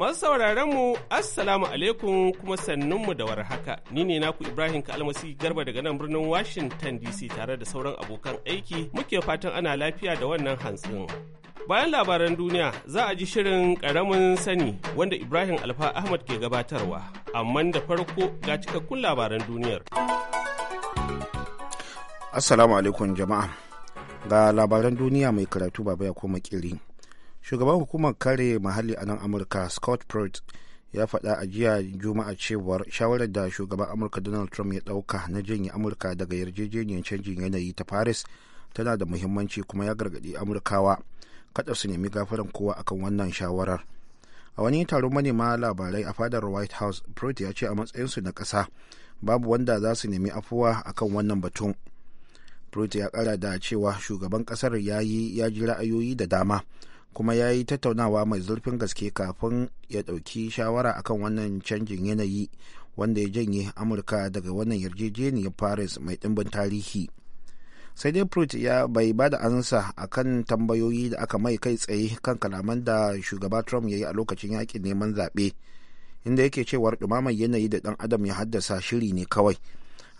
Masu sauraron mu Assalamu alaikum kuma mu da warhaka. Ni ne naku Ibrahim Kalmasi Garba daga nan birnin Washington DC tare da sauran abokan aiki muke fatan ana lafiya da wannan hantsin. Bayan labaran duniya za a ji shirin karamin sani wanda Ibrahim Alfa Ahmad ke gabatarwa, amma da farko ga cikakkun labaran duniyar. Assalamu alaikum jama'a. Ga labaran duniya mai karatu baba ya koma kirin. shugaban hukumar kare muhalli a nan amurka scott pruitt ya faɗa a jiya juma'a cewar shawarar da shugaban amurka donald trump ya ɗauka na janye amurka daga yarjejeniyar canjin yanayi ta paris tana da muhimmanci kuma ya gargaɗi amurkawa kada su nemi gafaran kowa akan wannan shawarar a wani taron manema labarai a fadar white house pruitt ya ce a matsayinsu na ƙasa babu wanda za su nemi afuwa akan wannan batun pruitt ya ƙara da cewa shugaban ƙasar ya yi ya ji ra'ayoyi da dama kuma ya yi tattaunawa mai zurfin gaske kafin ya ɗauki shawara akan wannan canjin yanayi wanda ya janye amurka daga wannan yarjejeniyar paris mai ɗimbin tarihi sai dai fruit ya bai ba da ansa akan tambayoyi da aka mai kai tsaye kan kalaman da shugaba trump ya yi a lokacin yakin neman zaɓe inda yake cewar ɗumamar yanayi da ɗan adam ya haddasa shiri ne kawai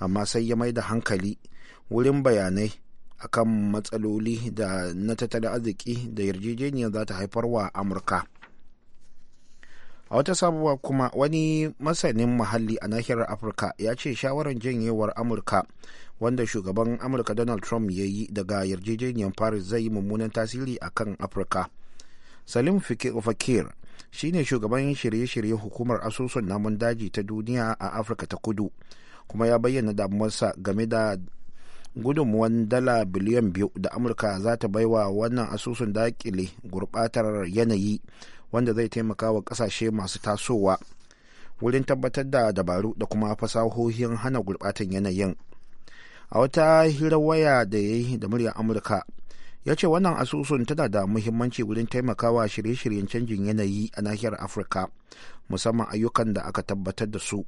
amma sai ya mai da hankali wurin bayanai akan matsaloli da na tattalin arziki da yarjejeniya za ta haifar wa amurka a wata sabuwa kuma wani masanin muhalli a nahiyar afirka ya ce shawarar janyewar amurka wanda shugaban amurka donald trump ya yi daga yarjejeniyar paris zai yi mummunan tasiri a kan afirka salim fakir shine shugaban shirye-shirye hukumar asusun namun daji ta duniya a afirka ta kudu kuma ya bayyana damuwarsa game da gudunmuwan dala biliyan biyu da amurka za ta wa wannan asusun dakile gurbatar yanayi wanda zai taimaka wa kasashe masu tasowa wurin tabbatar da dabaru da kuma fasahohin hana gurbatan yanayin a wata hira waya da ya yi da muryar amurka ya ce wannan asusun tana da muhimmanci wurin taimakawa shirye-shiryen canjin yanayi a nahiyar afirka musamman ayyukan da aka tabbatar da su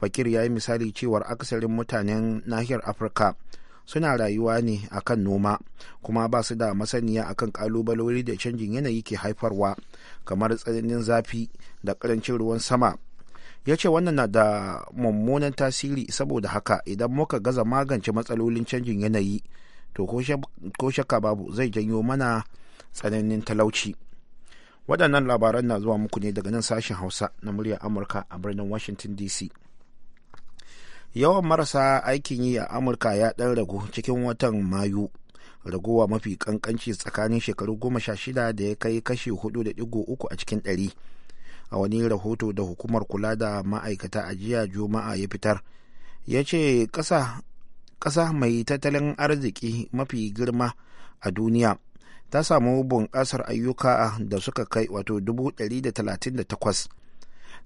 fakir ya yi misali cewar akasarin mutanen nahiyar afirka suna rayuwa ne akan noma kuma ba su da masaniya akan kalubalori da canjin yanayi ke haifarwa kamar tsananin zafi da karancin ruwan sama ya ce wannan na da mummunan tasiri saboda haka idan muka gaza magance matsalolin canjin yanayi to ko shakka babu zai janyo mana tsananin talauci waɗannan labaran na zuwa muku ne daga nan sashen hausa na muryar amurka a birnin washington dc yawan marasa aikin yi a amurka ya ɗan ragu cikin watan mayu raguwa mafi kankanci tsakanin shekaru goma sha shida da ya kai kashi hudu da digo uku a cikin ɗari a wani rahoto da hukumar kula da ma'aikata a jiya juma'a ya fitar ya ce ƙasa mai tattalin arziki mafi girma a duniya ta samu bunƙasar ayyuka da suka kai wato dubu da da talatin takwas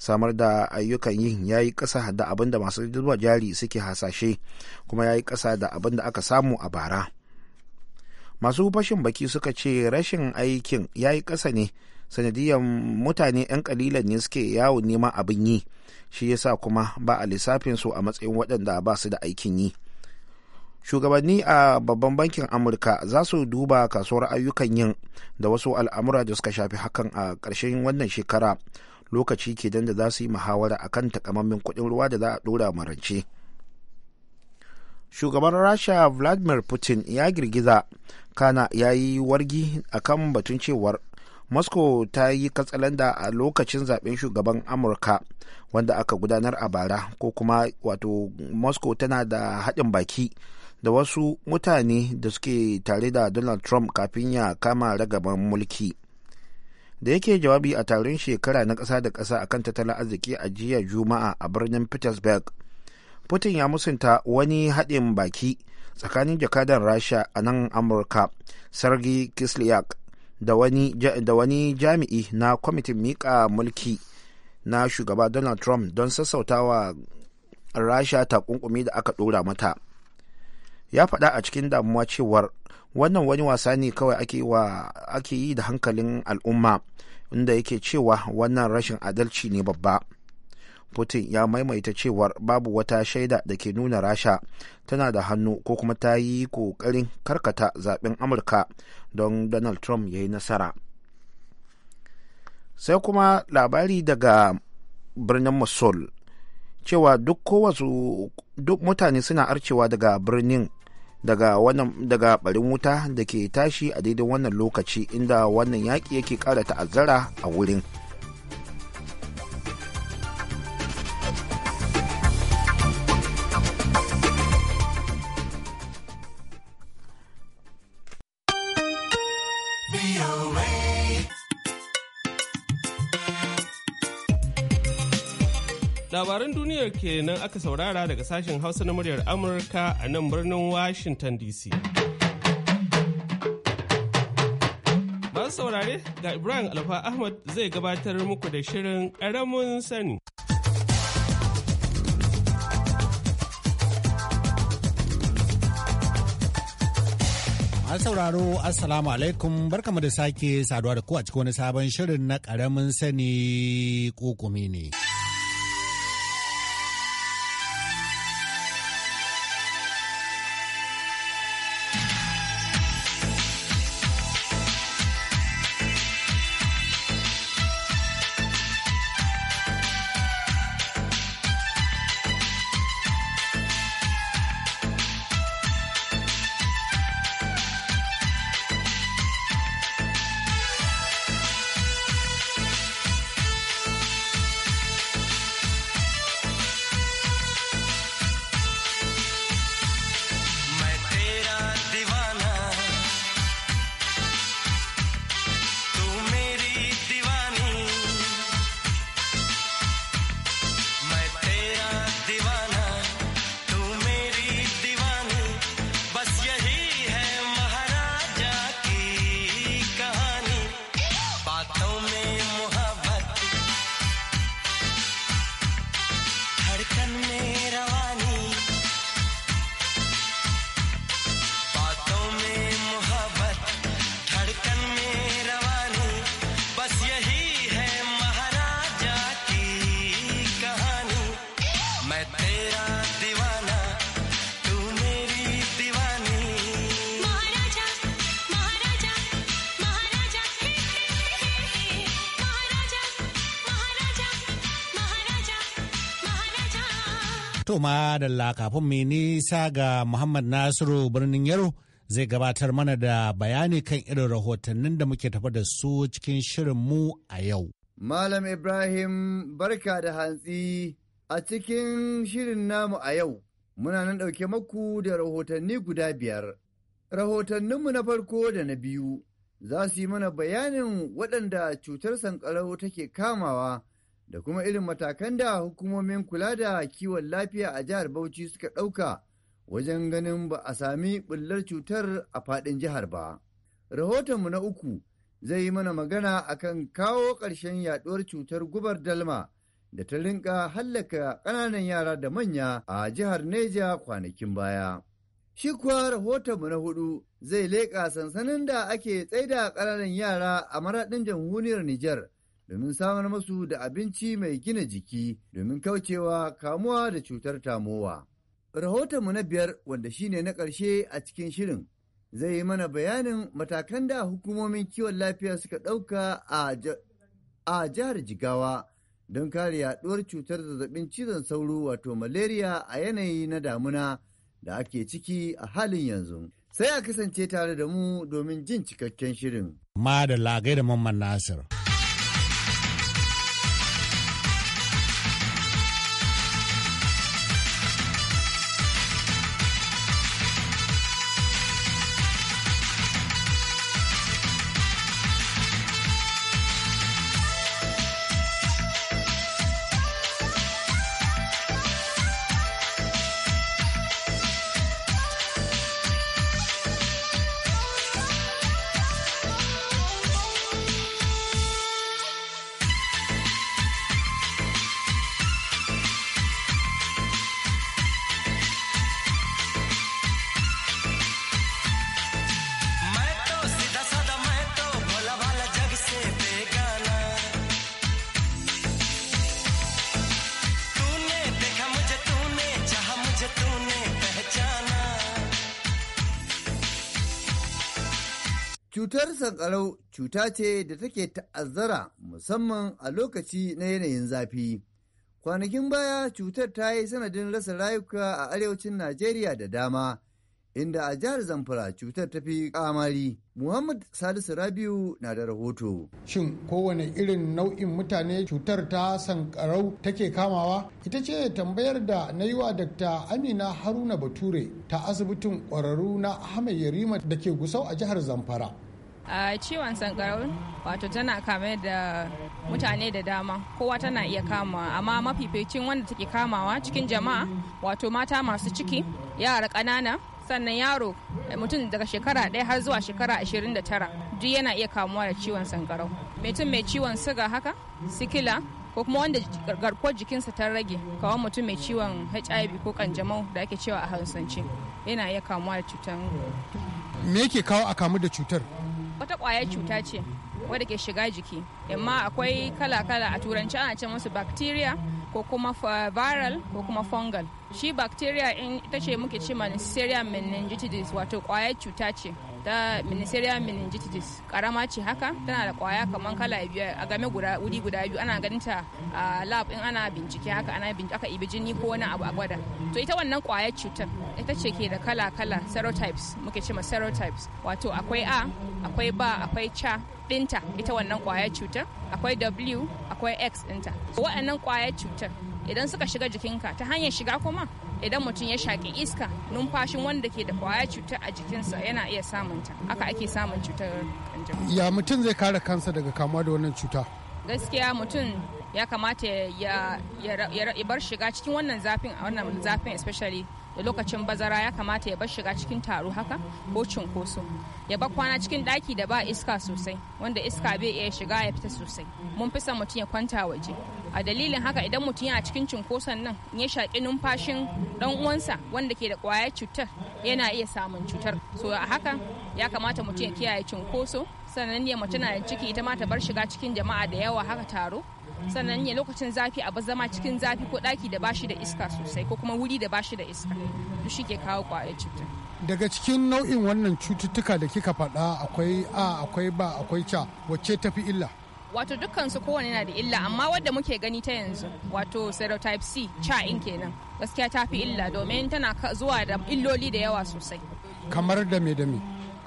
samar da ayyukan yin ya yi ƙasa da abin da masu zuba jari suke hasashe kuma ya yi ƙasa da abin da aka samu a bara masu fashin baki suka ce rashin aikin ya yi ƙasa ne sanadiyar mutane 'yan kalilan ne suke yawo neman abin yi shi yasa kuma ba a lissafin su a matsayin waɗanda ba su da aikin yi shugabanni a babban bankin amurka za su duba kasuwar ayyukan yin da wasu al'amura da suka shafi hakan a ƙarshen wannan shekara lokaci ke da za su yi muhawara a kan takamammen kuɗin ruwa da za a ɗora marance. shugaban rasha vladimir putin ya girgiza kana ya yi wargi a kan batun cewar moscow ta yi katsalanda a lokacin zaben shugaban amurka wanda aka gudanar a bara ko kuma wato moscow tana da haɗin baki da wasu mutane da suke tare da donald trump kafin ya kama ragaban mulki da yake jawabi a taron shekara na ƙasa da ƙasa akan tattalin arziki a jiya juma'a a birnin petersburg putin ya musunta wani haɗin baki tsakanin jakadan rasha a nan amurka sargi kislyak da wani, da wani jami'i na kwamitin miƙa mulki na shugaba donald trump don sassautawa rasha ta takunkumi da aka ɗora mata ya faɗa a cikin damuwa cewar wannan wani wasa ne kawai ake yi da hankalin al'umma inda yake cewa wannan rashin adalci ne babba putin ya maimaita cewar babu wata shaida da ke nuna rasha tana da hannu ko kuma ta yi kokarin karkata zaben amurka don donald trump ya yi nasara sai kuma labari daga birnin mosul cewa duk mutane suna arcewa daga birnin daga wannan barin wuta da ke tashi a daidai wannan lokaci inda wannan yaƙi yake ƙara ta'azzara a wurin. aka saurara daga sashen Hausa na muryar Amurka a nan birnin Washington DC. Masu saurare ga Ibrahim Alfa Ahmad zai gabatar muku da shirin ƙaramin sani. A sauraro Assalamu alaikum barkamu da sake saduwa da ku a cikin wani sabon shirin na ƙaramin sani kokumi ne. Kuma da kafin mai nisa ga Muhammad Nasiru birnin Yaro zai gabatar mana da bayani kan irin rahotannin da muke tafa da su cikin shirin mu a yau. Malam Ibrahim barka da hantsi a cikin shirin namu a yau muna nan ɗauke maku da rahotanni guda biyar. Rahotanninmu na farko da na biyu za su yi mana bayanin waɗanda cutar sankarau take kamawa. da kuma irin matakan da hukumomin kula da kiwon lafiya a jihar Bauchi suka ɗauka wajen ganin ba a sami ɓullar cutar a faɗin jihar ba. Rahotonmu na uku zai yi mana magana a kan kawo ƙarshen yaɗuwar cutar gubar dalma da ta rinka hallaka ƙananan yara da manya a jihar Neja kwanakin baya. Shi kuwa rahotonmu na hudu zai leƙa sansanin da ake tsaida ƙananan yara a maraɗin jamhuriyar Nijar. domin samar masu da abinci mai gina jiki domin kaucewa kamuwa da cutar tamowa. Rahotonmu na biyar wanda shine na ƙarshe a cikin shirin zai yi mana bayanin matakan da hukumomin kiwon lafiya suka ɗauka a jihar Jigawa don kare yaɗuwar cutar zazzabin cizon sauro wato malaria a yanayi na damuna da ake ciki a halin yanzu. Sai a kasance tare da mu domin jin cikakken shirin. Ma da lagai da Mamman Nasir. Cutar sankarau cuta ce da take ta'azzara musamman a lokaci na yanayin zafi. Kwanakin baya cutar ta yi sanadin rasa rayuka a arewacin Najeriya da dama, inda a jihar Zamfara cutar ta fi kamari. Muhammad Salisu Rabiu na da rahoto. Shin kowane irin nau'in mutane cutar ta sankarau take kamawa? Ita ce tambayar da na yi wa Dr. Amina Haruna Bature ta asibitin ƙwararru na Ahmed Yarima da ke gusau a jihar Zamfara. a ciwon sankarau wato tana kame da mutane da dama kowa tana iya kama amma mafificin wanda take kamawa cikin jama'a wato mata masu ciki yara ƙanana sannan yaro eh, mutum daga shekara ɗaya har zuwa shekara 29 duk yana iya kamuwa da ciwon sankarau mutum mai ciwon siga haka sikila ko kuma wanda garkuwar jikinsa ta rage kawai mutum mai ciwon hiv ko kanjamau da ake cewa a hausance yana iya kamuwa da cutar me yake kawo a kamu da cutar wata kwayar cuta ce wadda ke shiga jiki amma akwai kala-kala a turanci ana ce musu bacteria ko kuma viral ko kuma fungal shi bacteria in ita ce muke ce ma meningitis wato kwayar cuta ce ta ministerial meningitis karama ce haka tana da kwaya kamar kala biyu a game guda wuri guda biyu ana ganin ta a lab in ana bincike haka ana bincike aka ibi jini ko wani abu a gwada to ita wannan kwaya cutar ita ce ke da kala kala serotypes muke ce ma serotypes wato akwai a akwai ba akwai ca dinta ita wannan kwaya cutar akwai w akwai x dinta waɗannan kwayar cutar idan suka shiga jikinka ta hanyar shiga kuma idan mutum ya shaƙi iska numfashin wanda ke da kwaya cuta a jikinsa yana iya samun ta haka ake samun cutar kanjamau ya mutum zai kare kansa daga kamuwa da wannan cuta gaskiya mutum ya kamata ya bar shiga cikin wannan zafin a wannan zafin especially da lokacin bazara ya kamata ya bar shiga cikin taro haka ko cunkoso ya bar kwana cikin daki da ba iska sosai wanda iska bai iya shiga ya fita sosai mun fi son mutum ya kwanta waje a dalilin haka idan mutum yana cikin cunkoson nan ya shaƙi numfashin dan uwansa wanda ke da ƙwayar cutar yana iya samun cutar so a haka ya kamata mutum ya kiyaye cunkoso sannan ya mace na ciki ita ma ta bar shiga cikin jama'a da yawa haka taro sannan ya lokacin zafi a zama cikin zafi ko daki da bashi da iska sosai ko kuma wuri da bashi da iska duk shi ke kawo ƙwayar cutar daga cikin nau'in wannan cututtuka da kika faɗa akwai a akwai ba akwai ca wacce tafi illa wato dukkansu kowane na da illa amma wadda muke gani ta yanzu wato serotype c in kenan gaskiya ta fi illa domin tana zuwa da illoli da yawa sosai kamar da me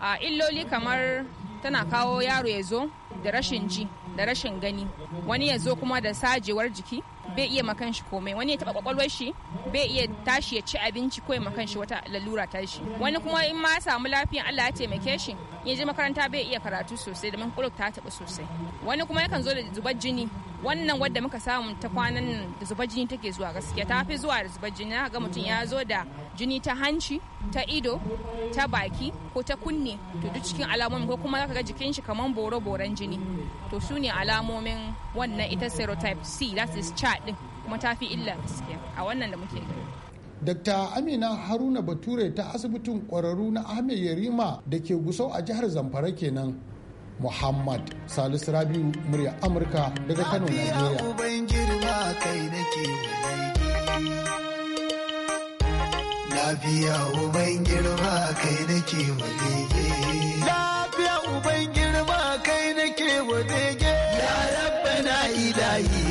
a illoli kamar tana kawo yaro ya zo da rashin ji da rashin gani wani ya zo kuma da sajewar jiki bai iya makan shi komai wani ya taba kwakwalwar shi bai iya tashi ya ci abinci ko ya makan shi wata lalura tashi wani kuma in ma samu lafiyan Allah ya taimake shi ya je makaranta bai iya karatu sosai da mankulok ta taɓa sosai wani kuma yakan zo da zubar jini wannan wadda muka samu ta kwanan nan da zubar jini take zuwa gaskiya ta fi zuwa da zubar jini ga mutum ya zo da jini ta hanci ta ido ta baki ko ta kunne to duk cikin alamomin ko kuma zaka ga jikin shi kaman boro-boron jini to su ne alamomin wannan ita serotype c that is chart din kuma ta fi illa gaskiya a wannan da muke gani Dr. Amina Haruna Bature ta asibitin kwararru na Ahmed Yarima da ke gusau a jihar Zamfara kenan. Muhammad Salisu Rabiu murya Amurka daga Kano, Najeriya. lafiya uban girma kai nake wadege lafiya uban kai nake wadege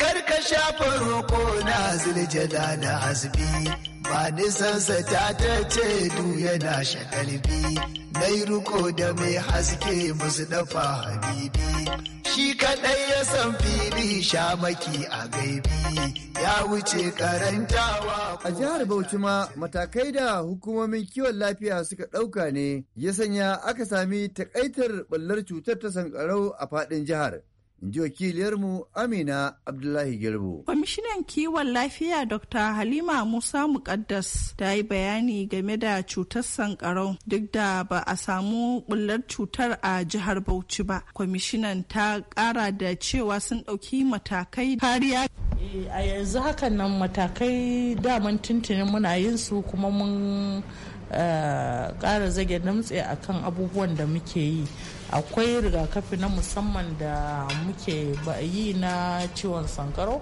Kar ka shafa roƙo na ziljada da hasbi, ba nisansa ta ta ce du yana shakalbi, mai ruko da mai haske musu dafa habibi. Shi kaɗai ya san fili shamaki a gaibi, ya wuce karantawa. A jihar Bauchi ma matakai da hukumomin kiwon lafiya suka ɗauka ne ya sanya aka sami takaitar ɓallar cutar ta sankarau a faɗin jihar. in ji wakiliyarmu amina abdullahi girbo kwamishinan kiwon lafiya dr halima musa mukaddas ta yi bayani game da cutar sankarau duk da ba a samu bullar cutar a jihar bauchi ba kwamishinan ta kara da cewa sun ɗauki matakai kariya eh, a yanzu hakan nan matakai daman tuntuni muna yin su kuma mun eh, ƙara zage damtse akan abubuwan da muke yi akwai rigakafi na musamman da muke yi na ciwon sankaro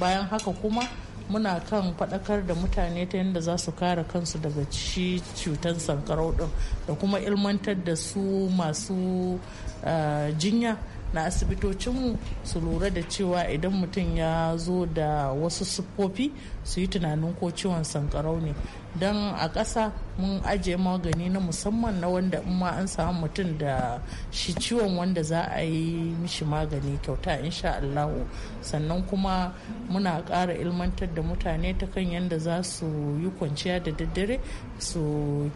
bayan haka kuma muna kan faɗakar da mutane ta yadda za su kare kansu daga ci cutar sankarau ɗin da kuma ilmantar da su masu eh, jinya na asibitocinmu su lura da cewa idan mutum ya zo da wasu siffofi su yi tunanin ko ciwon sankarau ne don a ƙasa mun ajiye magani na musamman na wanda in ma an samu mutum da shi ciwon wanda za a yi mishi magani kyauta insha Allahu sannan kuma muna ƙara ilmantar da mutane ta kan yadda za su yi kwanciya da daddare su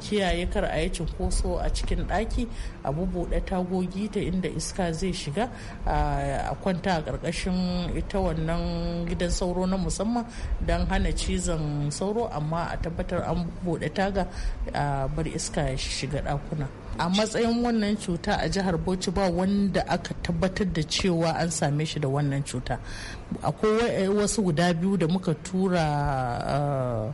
kiyaye kar a yi cinkoso a cikin ɗaki a bubuɗe tagogi ta inda iska zai shiga a kwanta a ƙarƙashin ita wannan gidan sauro na musamman don hana cizon sauro amma a tabbatar an buɗe taga a bar iska ya shiga ɗakuna a matsayin wannan cuta a jihar bauchi ba wanda aka tabbatar da cewa an same shi da wannan cuta akwai eh, wasu guda biyu da muka tura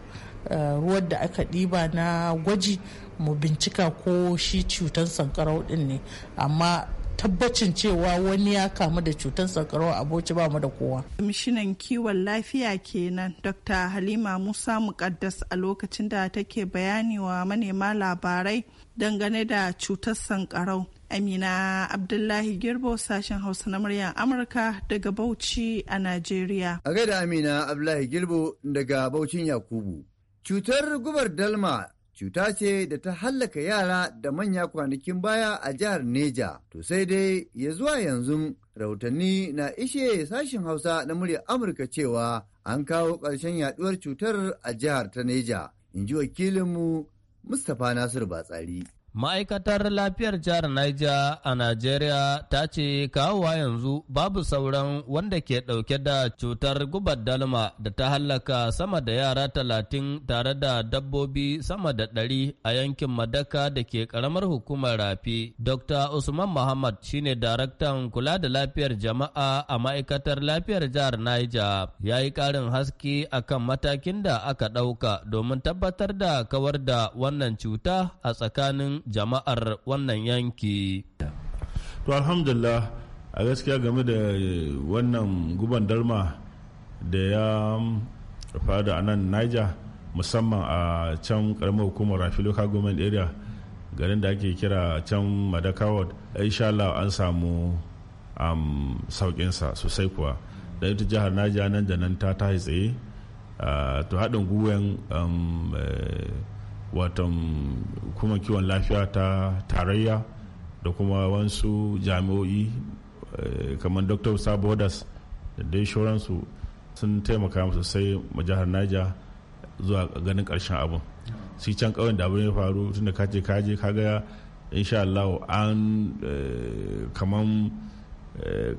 ruwan da aka ɗiba na gwaji mu bincika ko shi cutar sankarau ɗin ne amma tabbacin cewa wani ya kamu da cutar sankarau a boci ba mu da kowa. Kwamishinan kiwon lafiya kenan Dr. Halima Musa Mukaddas a lokacin da take bayani wa manema labarai dangane da cutar sankarau. Amina Abdullahi Girbo sashen Hausa na muryar Amurka daga Bauchi a Najeriya. A gaida Amina Abdullahi Girbo daga Baucin Yakubu. Cutar gubar dalma cuta ce da ta hallaka yara da manya kwanakin baya a jihar Neja. To sai dai ya zuwa yanzu rahotanni na ishe sashin Hausa na murya Amurka cewa an kawo ƙarshen yaduwar cutar a jihar ta Neja. In ji wakilinmu Mustapha nasiru Batsari. Ma'aikatar lafiyar jihar Niger a Najeriya ta ce kawowa yanzu babu sauran wanda ke ɗauke da cutar gubar dalma da ta hallaka sama da yara talatin tare da dabbobi sama da ɗari a yankin Madaka da ke ƙaramar hukumar rafi. Dr. Usman Muhammad shine daraktan kula da lafiyar jama'a a ma'aikatar lafiyar jihar Niger ya yi ƙarin haske akan matakin da aka ɗauka domin tabbatar da kawar da wannan cuta a tsakanin jama'ar wannan yanki. To alhamdulillah a gaskiya game da wannan guban dalma da ya faru a nan Niger musamman a can karamar hukumar Rafi local government area garin da ake kira can Madakawa insha Allah an samu um, saukinsa sosai kuwa da ita jihar Niger nan da nan ta tashi tsaye to haɗin gwiwan eh, watan kuma kiwon lafiya ta tarayya da kuma wasu jami'o'i eh, kamar dr sabodas da dai shoransu sun taimaka musu sai jihar naija zuwa ganin karshen abin shi can kawai da abin ya faru tunda kace kaje kaga insha Allah an eh, kaman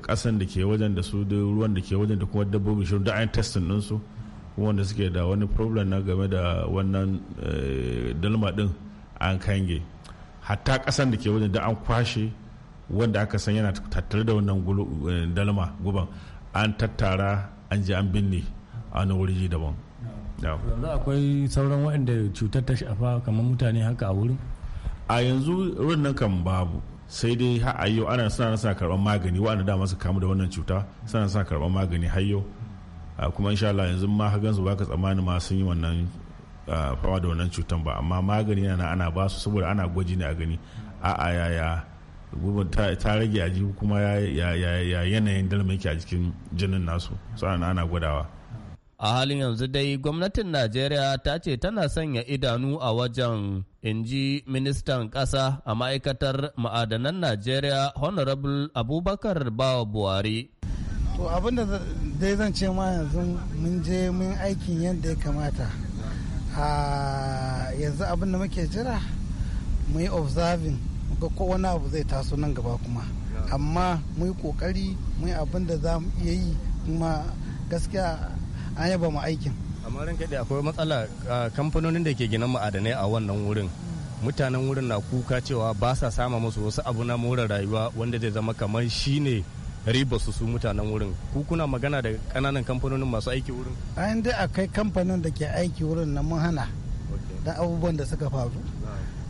kasan eh, da ke wajen da su da ruwan da ke wajen da kuma dabbobi shirin da an testin ɗinsu wanda suke da wani problem na game da wannan eh, dalma din an kange hatta kasan da ke wajen da an kwashe wanda aka san yana tattare da wannan eh, dalma guban an tattara an ji an binne a wani wuri daban yanzu akwai sauran waɗanda cutar ta shafa kamar mutane haka a wurin a yanzu wurin nan kan babu sai dai ha a yau ana suna nasa karɓar magani waɗanda dama su kamu da wannan cuta suna nasa karɓar magani har yau Ah, kuma insha Allah yanzu ma hagan su baka tsammani ma sun yi wannan ah, fama da wannan cutan ba amma magani na ana ba su saboda ana gwaji ne a gani a'a yaya ta rage a jiki kuma ya yanayin dalma a jikin jinin nasu sa'an ana gwadawa a halin yanzu dai gwamnatin najeriya ta ce tana sanya idanu a wajen in ji ministan ƙasa a ma'aikatar ma'adanan najeriya honorable abubakar bawa buhari to abinda dai zan ce ma yanzu mun je mun aikin yadda ya kamata a yanzu abinda muke jira mu yi observing ga ko wani abu zai taso nan gaba kuma amma mu yi kokari mu yi abinda za mu iya yi kuma gaskiya an yaba mu aikin amma ran kaɗe akwai matsala kamfanonin da ke ginin ma'adanai a wannan wurin mutanen wurin na kuka cewa ba sa sama musu wasu abu na more rayuwa wanda zai zama kamar shine ne riba su su mutanen wurin ku kuna magana da kananan kamfanonin masu aiki wurin an dai akai kamfanin da ke aiki wurin na mun hana da abubuwan da suka faru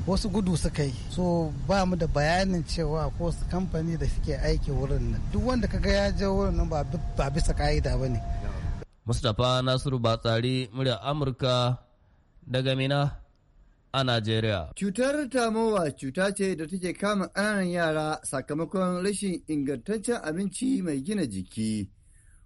wasu gudu suka yi so ba mu da bayanin cewa ko su kamfani da suke aiki wurin nan duk wanda kaga ya je wurin nan ba bisa ka'ida ba ne mustapha nasiru batsari murya amurka daga mina a Najeriya. Cutar tamowa cuta ce da take kama ƙananan yara sakamakon rashin ingantaccen abinci mai gina jiki.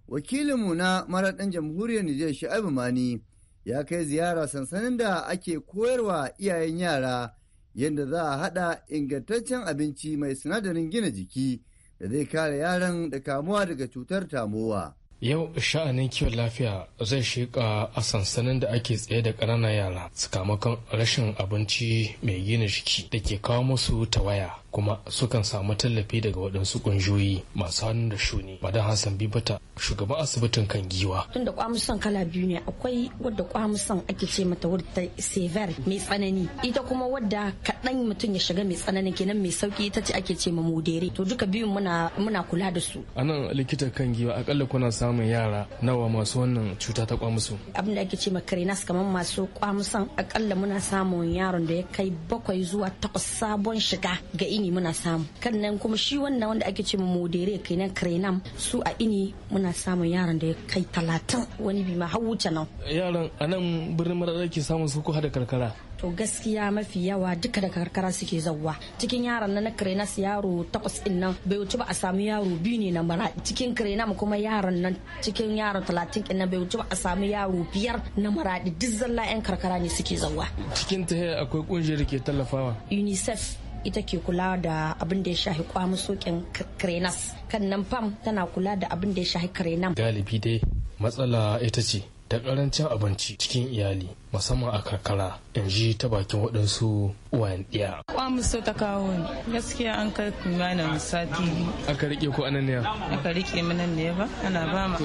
Wakilinmu na maraɗin jamhuriyar Nijar sha'abu Mani ya kai ziyara sansanin da ake koyarwa iyayen yara yadda za a haɗa ingantaccen abinci mai sinadarin gina jiki da zai kare yaran da kamuwa daga cutar tamowa. Yau sha'anin kiwon lafiya zai shiƙa a sansanin da ake tsaye da ƙananan yara sakamakon rashin abinci mai gina jiki da ke kawo musu tawaya. kuma sukan samu tallafi daga waɗansu ƙungiyoyi masu hannun da shuni madan hassan bibata shugaban asibitin kan giwa tun da kwamusan kala biyu ne akwai wadda kwamusan ake ce mata wadda sever mai tsanani ita kuma wadda kaɗan mutum ya shiga mai tsanani kenan mai sauki ita ce ake ce ma modere to duka biyun muna kula da su anan likita kan giwa akalla kuna samun yara nawa masu wannan cuta ta kwamusu abinda ake ce ma krenas kamar masu kwamusan akalla muna samun yaron da ya kai bakwai zuwa takwas sabon shiga ga ini muna samu kan nan kuma shi wannan wanda ake ce modere kai nan krenam su a ini muna samun yaran da ya kai talatin wani bi ma har wuce nan yaran a nan birnin madara ke samun su ko hada karkara to gaskiya mafi yawa duka da karkara suke zauwa cikin yaran na krenas yaro takwas din nan bai wuce ba a samu yaro biyu ne na mara cikin krenam kuma yaran nan cikin yaro talatin din nan bai wuce ba a samu yaro biyar na maradi duk zalla yan karkara ne suke zauwa cikin ta akwai kungiyar da ke tallafawa unicef ita ke kula da abin da ya shahi kwamusokin krenas kan nan fam tana kula da abin da ya shahi krenam galibi dai matsala ita ce da karancin abinci cikin iyali musamman a karkara in ji ta bakin waɗansu uwayen ɗiya. Kwa so ta kawo ni gaskiya an kai kimanin sati Aka rike ko anan ne Aka rike mana ne ba ana ba ma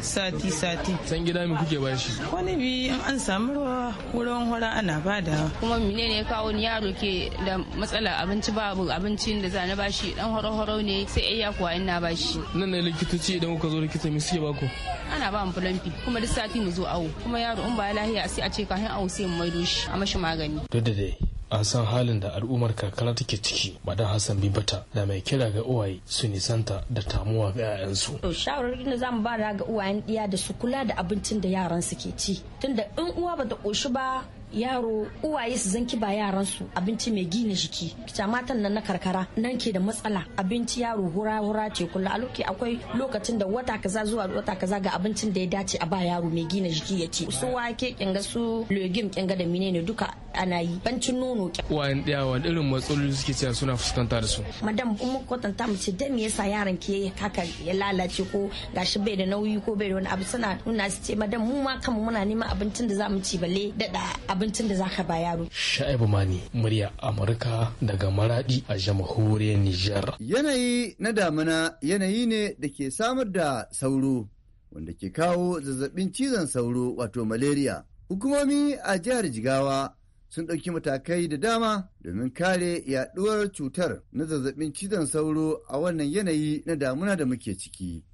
sati sati. San gida mi kuke ba shi? Wani bi an samu ruwa wurin hura ana ba da. Kuma mine ne kawo ni yaro ke da matsala abinci babu abincin da za na ba shi dan horo-horo ne sai iya kuwa in na ba shi. Nan ne likitoci idan kuka zo likita mi suke ba ku? Ana ba mu fulanfi kuma duk sati mu zo awo kuma yaro in ba lahiya sai a ce kafin awo sai mu maido shi a mashi magani. Duk dai an san halin da al'ummar karkara take ciki madan hassan bibata da mai kira ga uwaye su nisanta da tamuwa ga 'ya'yansu. to shawarar da zamu ba ga uwayen ɗiya da su kula da abincin da yaran su ke ci tunda in uwa bata ƙoshi ba yaro uwaye su zanki ba yaran su abinci mai gina jiki matan nan na karkara nan ke da matsala abinci yaro hura hura ce kula a lokaci akwai lokacin da wata kaza zuwa wata kaza ga abincin da ya dace a ba yaro mai gina jiki ya ce su wake kinga su legume kinga da menene duka ana yi bancin nono wani daya wa irin matsaloli suke cewa suna fuskanta da su madam in mun kwatanta mu ce da me yasa yaran ke haka ya lalace ko gashi bai da nauyi ko bai da wani abu suna nuna su ce madam mu ma kanmu muna neman abincin da mu ci balle daɗa abincin da zaka ba yaro sha'ibu mani murya amurka daga maradi a jamhuriyar nijar yanayi na damina yanayi ne da ke samar da sauro wanda ke kawo zazzabin cizon sauro wato malaria. Hukumomi a jihar Jigawa sun ɗauki matakai da dama domin kare yaɗuwar cutar na zazzabin cizon sauro a wannan yanayi na damuna da muke ciki.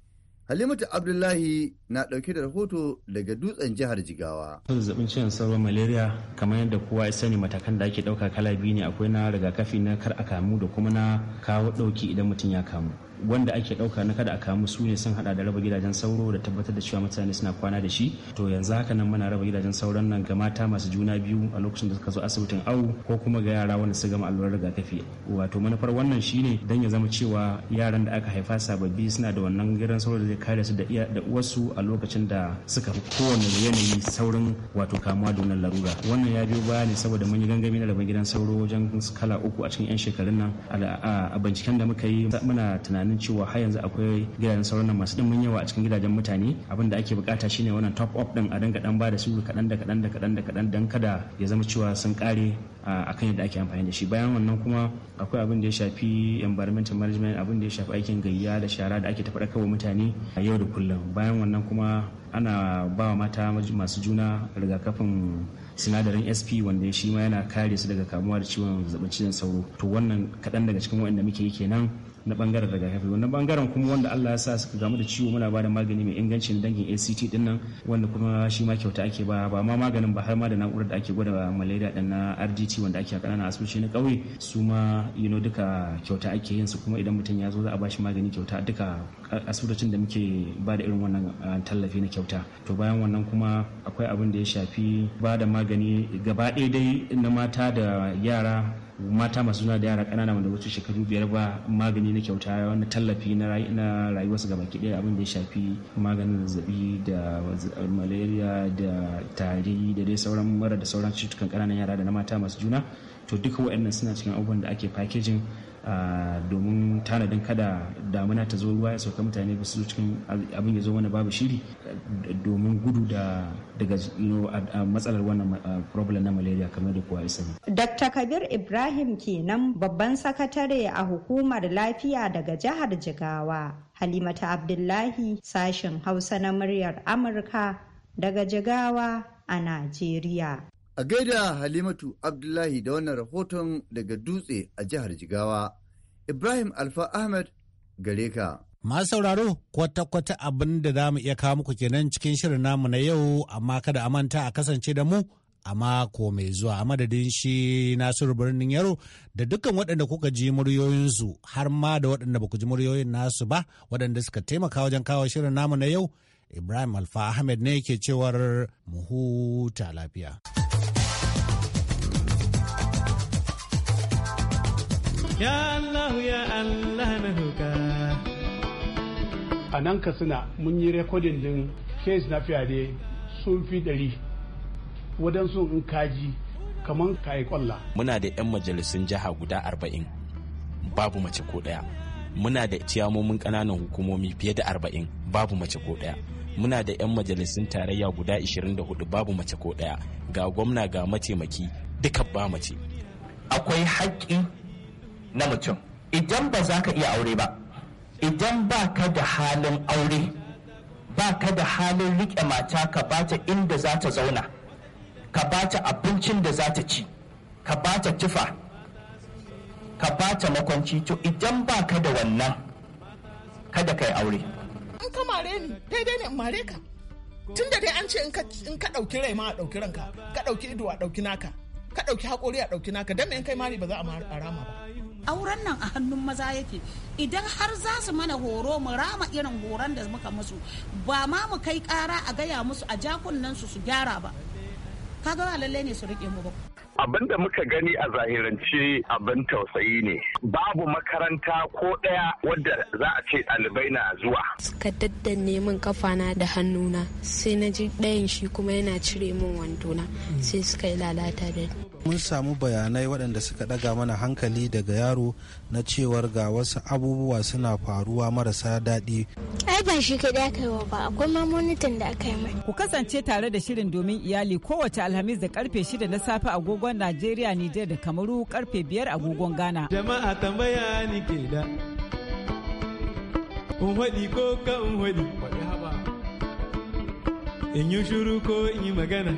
Halimatu Abdullahi na ɗauke da rahoto daga dutsen jihar Jigawa. Zazzabin cizon sauro malaria kamar yadda kowa ya sani matakan da ake ɗauka kala biyu ne akwai na rigakafi na kar a kamu da kuma na kawo ɗauki idan mutum ya kamu. wanda ake ɗauka na kada a kamu su ne sun haɗa da raba gidajen sauro da tabbatar da cewa mutane suna kwana da shi to yanzu haka nan muna raba gidajen sauron nan ga mata masu juna biyu a lokacin da suka zo asibitin awu ko kuma ga yara wanda su gama allurar rigakafi wato manufar wannan shine don ya zama cewa yaran da aka haifa sababbi suna da wannan gidan sauro da zai kare su da wasu a lokacin da suka fi kowane yanayi saurin wato kamuwa da wannan larura wannan ya biyo baya ne saboda mun yi gangami na rabin gidan sauro wajen kala uku a cikin 'yan shekarun nan a binciken da muka yi muna tunanin cewa har yanzu akwai gidajen sauron nan masu dimin yawa a cikin gidajen mutane abin da ake bukata shine wannan top up din a dinga dan ba da su kaɗan da kaɗan da kaɗan da kaɗan dan kada ya zama cewa sun kare a kan yadda ake amfani da shi bayan wannan kuma akwai abin da ya shafi environmental management abin da ya shafi aikin gayya da shara da ake tafaɗa kawo mutane a yau da kullum bayan wannan kuma ana ba wa mata masu juna rigakafin sinadarin sp wanda shi ma yana kare su daga kamuwa da ciwon zazzabin cizon sauro to wannan kaɗan daga cikin waɗanda muke yi kenan na bangaren rigakafi wannan bangaren kuma wanda Allah ya sa suka gamu da ciwo muna bada magani mai ingancin dangin ACT din nan wanda kuma shi ma kyauta ake ba ba ma maganin ba har ma da na'urar da ake gwada malaria din na RGT wanda ake kanana na asibiti na kauye su ma you know duka kyauta ake yin su kuma idan mutum ya zo za a bashi magani kyauta duka asibitocin da muke ba da irin wannan ah, tallafi na kyauta to bayan wannan kuma akwai abin da ya shafi ba da magani gaba ɗaya dai na mata da yara mata masu zuwa da yara ƙanana wanda wuce shekaru biyar ba magani na kyauta wani tallafi na rayuwarsu gaba baki abin da ya shafi maganin zazzabi da malaria da tari da dai sauran mara da sauran cututtukan ƙananan yara da na mata masu juna to duka waɗannan suna cikin abubuwan da ake packaging domin tanadin kada damuna ta zo ruwa ya sauka mutane ba su cikin abin ya zo wani babu shiri domin gudu da daga matsalar wannan problem na malaria kamar da kowa sani. Dr. Kabir Ibrahim kenan babban sakatare a hukumar lafiya daga jihar Jigawa. Halimata Abdullahi sashen Hausa na muryar Amurka daga Jigawa a Najeriya. A gaida Halimatu Abdullahi da wannan rahoton daga Dutse a jihar Jigawa, Ibrahim Alfa Ahmed gare ka. Masu sauraro kwata-kwata abin da za mu iya kawo muku kenan cikin shirin namu na yau amma kada a manta a kasance da mu a mako mai zuwa a madadin shi Nasiru birnin Yaro da dukkan waɗanda kuka ji muryoyinsu har ma da waɗanda ba ku ji muryoyin nasu ba waɗanda suka taimaka wajen kawo shirin namu na yau Ibrahim Alfa Ahmed ne ke cewar mu huta lafiya. ya Allah ya Allah na roka a nan ka suna mun yi rekodin din kes na fiyade sun fi ɗari waɗansu in kaji kamar kayi kwalla muna da 'yan majalisun jiha guda arba'in babu mace ko ɗaya muna da ciyamomin ƙananan hukumomi fiye da arba'in babu mace ko ɗaya muna da 'yan majalisun tarayya guda 24 babu mace ko ɗaya ga gwamna ga mataimaki duka ba mace akwai haƙƙin na mutum idan ba za ka iya aure ba idan ba ka da halin aure ba ka da halin riƙe mata ka bata inda za ta zauna ka bata abincin da za ta ci ka bata tufa ka bata makwanci to idan ba ka da wannan kada ka yi aure an ka mare ni daidai ne in mare ka tun da dai an ce in ka ɗauki rai ma a ɗauki ranka ka ɗauki ido a ɗauki naka ka ɗauki hakori a ɗauki naka dan in kai mari ba za a rama ba auren nan a hannun maza yake idan har za su mana horo mu rama irin horon da muka musu ba ma mu kai ƙara a gaya musu a jakunan su su gyara ba kaga ba lallai ne su riƙe mu ba abin da muka gani a zahirance abin tausayi ne babu makaranta ko ɗaya wadda za a ce ɗalibai na zuwa suka daddanne min kafana da hannuna sai na ji ɗayan shi kuma yana cire min wandona sai suka yi lalata da mun samu bayanai waɗanda suka ɗaga mana hankali daga yaro na cewar ga wasu abubuwa suna faruwa marasa daɗi. ai ba shi kaɗai aka yi wa ba akwai mamonitan da aka yi mai. ku kasance tare da shirin domin iyali kowace alhamis da karfe shida na safe agogon najeriya nijar da kamaru karfe biyar agogon ghana. jama'a tambaya ni ke da in haɗi ko ka in in yi shuru ko in yi magana.